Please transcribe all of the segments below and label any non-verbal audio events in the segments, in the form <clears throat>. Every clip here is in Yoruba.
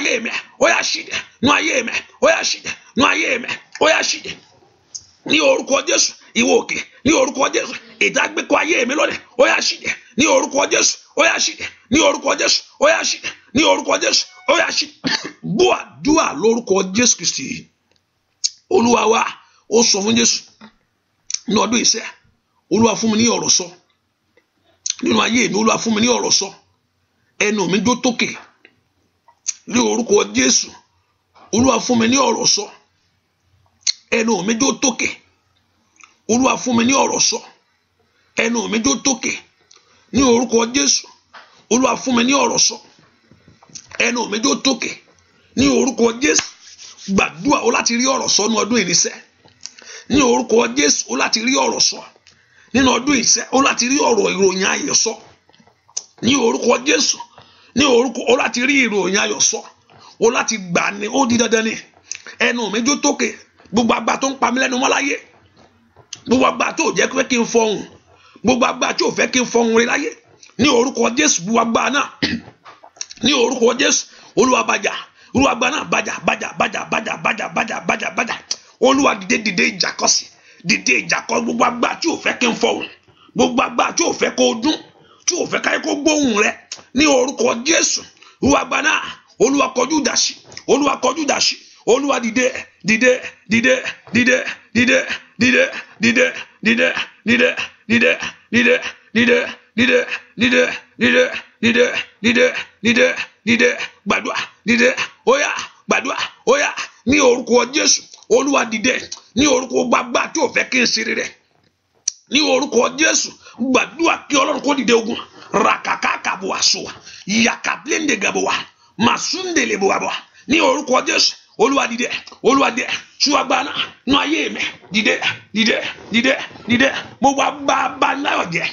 ayé mi ó yá ṣìdẹ nu ayé mi ó yá ṣìdẹ nu ayé mi ó yá ṣìdẹ ní orúkọ jésù ìwọ òkè ní orúkọ jésù ìdágbékọ ayé mi lónìí ó yá ṣìdẹ ní orúkọ jésù ó yá ṣìdẹ ní orúkọ jésù ó ní orúkọ jésù ó yá ṣìdẹ lórúkọ jésù kristi olúwa wa ó sọ fún jésù ní ọdún ìṣe olúwa fún mi ní ọ̀rọ̀ sọ nínú ayé mi olúwa fún mi ní ọ̀rọ̀ sọ ẹnu mi dó tókè ní orúkọ Jésù olúwa fún mi ní ọ̀rọ̀ sọ ẹnu mi jó tókè olúwa fún mi ní ọ̀rọ̀ sọ ẹnu mi jó tókè ní orúkọ Jésù olúwa fún mi ní ọ̀rọ̀ sọ ẹnu mi jó tókè ní orúkọ Jésù gbàdúrà o láti rí ọ̀rọ̀ sọ ní ọdún ìníṣẹ́ ní orúkọ Jésù o láti rí ọ̀rọ̀ sọ nínú ọdún ìṣẹ́ o láti rí ọ̀rọ̀ ìròyìn ayọ̀ sọ ní orúkọ Jésù ní orúkọ o láti rí ìròyìn ayọ̀ sọ o láti gbà ní ó di dandan ni ẹnu mi jó tókè gbogbo àgbà tó ń pa mí lẹ́nu mọ́ láyé gbogbo àgbà tó jẹ́ pé kí n fọhùn gbogbo àgbà tí ò fẹ́ kí n fọhùn rí láyé ní orúkọ Jésù gbogbo àgbà náà <clears throat> ní orúkọ Jésù Olúwa bàjà Olúwa àgbà náà bàjà bàjà bàjà bàjà bàjà bàjà bàjà bàjà Olúwa dìde dìde ìjà sí dìde ìjà gbogbo àgbà tí ò fẹ́ kí n fọhùn gbogbo àgbà tí ò fẹ́ kó dún tí ò fẹ́ káyé kó gbóhùn rẹ ní orúkọ jésù olúwa gbaná olúwa kọjú dàsí olúwa kọjú dàsí olúwa dìde dìde dìde dìde dìde dìde dìde dìde dìde dìde dìde dìde dìde dìde dìde dìde dìde dìde dìde gbàdúrà dìde óyá gbàdúrà óyá ní orúkọ jésù olúwa dìde ní orúkọ gbàgbà tí ò fẹ́ kí n ṣe rere ní orúkọ jésù gbàdúrà kí ọlọ́run kó dìde ogun ràkàkà kàbùwà sùwà yàkàbílẹ̀ǹdè gàbùwà màsúndèlè bùwàbùwà ní orúkọ jésù olúwa dìde olúwa dìde ṣùgbọ́n nù ayé mi dìde dìde dìde dìde mo wá bá a bá náà jẹ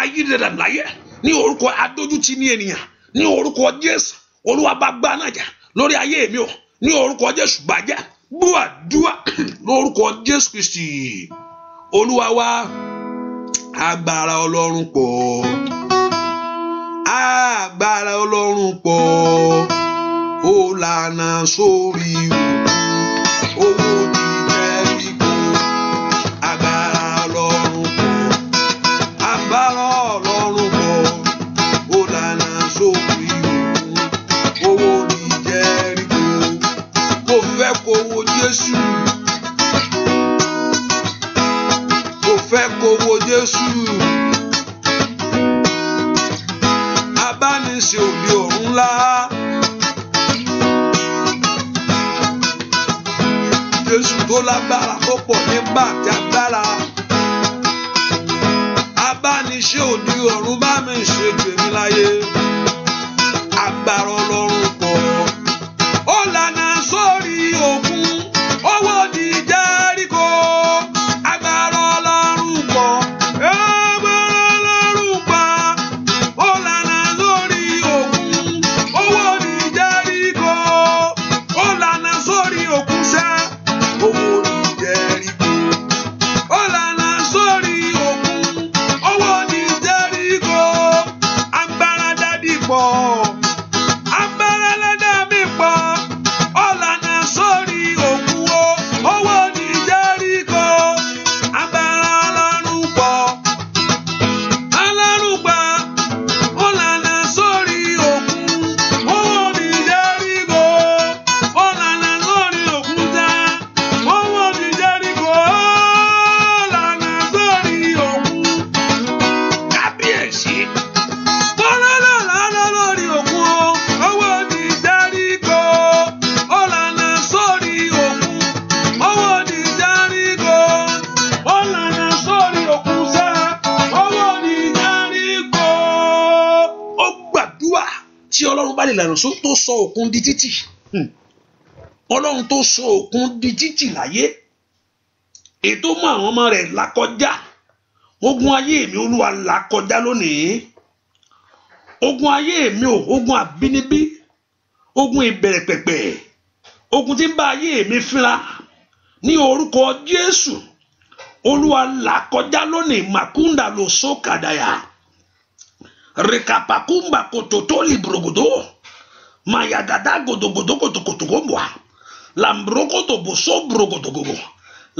ayé dada láyé ní orúkọ adójútì ní ènìyàn ní orúkọ jésù olúwa bá gbá náà jà lórí ayé mi o ní orúkọ jésù bàjẹ́ gbúwàdúwà lórúkọ jésù kristi olúwa wa. agbára ọlọ́run pọ̀ agbára ọlọ́run pọ̀ ó lànà sórí wò. fẹ́ kó wo Jésù abánisẹ̀ òde ọ̀run ńlá. Jésù tó lágbára tó pọ̀ nígbà tí agbára abánisẹ̀ òde ọ̀run bá mi ṣe tèmi láyé. àlè lànà tó sọ òkun di títì hmm. ọlọ́run tó sọ òkun di títì láyé ètò mú àwọn ọmọ rẹ̀ làkọjá ogun ayé mi olúwa làkọjá lónìí ogun ayé mi ò ogun àbínibí ogun ìbẹ̀rẹ̀ pẹ̀pẹ̀ ogun tí ń bá ayé mi fínra ní orúkọ jésù olúwa làkọjá lónìí màkúndà ló sọ rìkàpàkùmbà kòtò tó lì bòrògòdò. So mayagada godogodo kotokotogombwa lambrokotoboso brogodogogo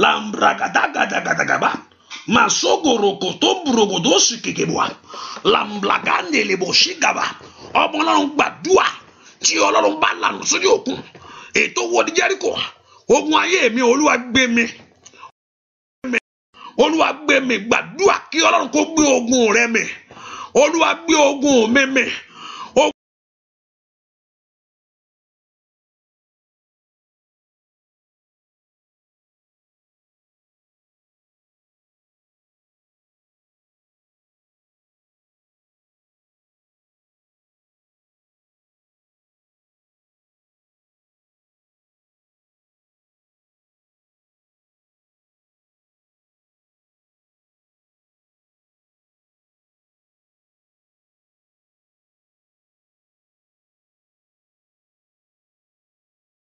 lambragadagadagadaga masogorokoto brogodo sikikebwa lamblagadelebosigaba ọmọ ọlọ́run gbàdúà tí ọlọ́run bá lànà sójú òkun ètò wọdí jẹ́ríkò ogun ayé mi olúwa gbé mi olúwa gbé mi gbàdúà kí ọlọ́run kó gbé ogun rẹ mi olúwa gbé ogun mi mi.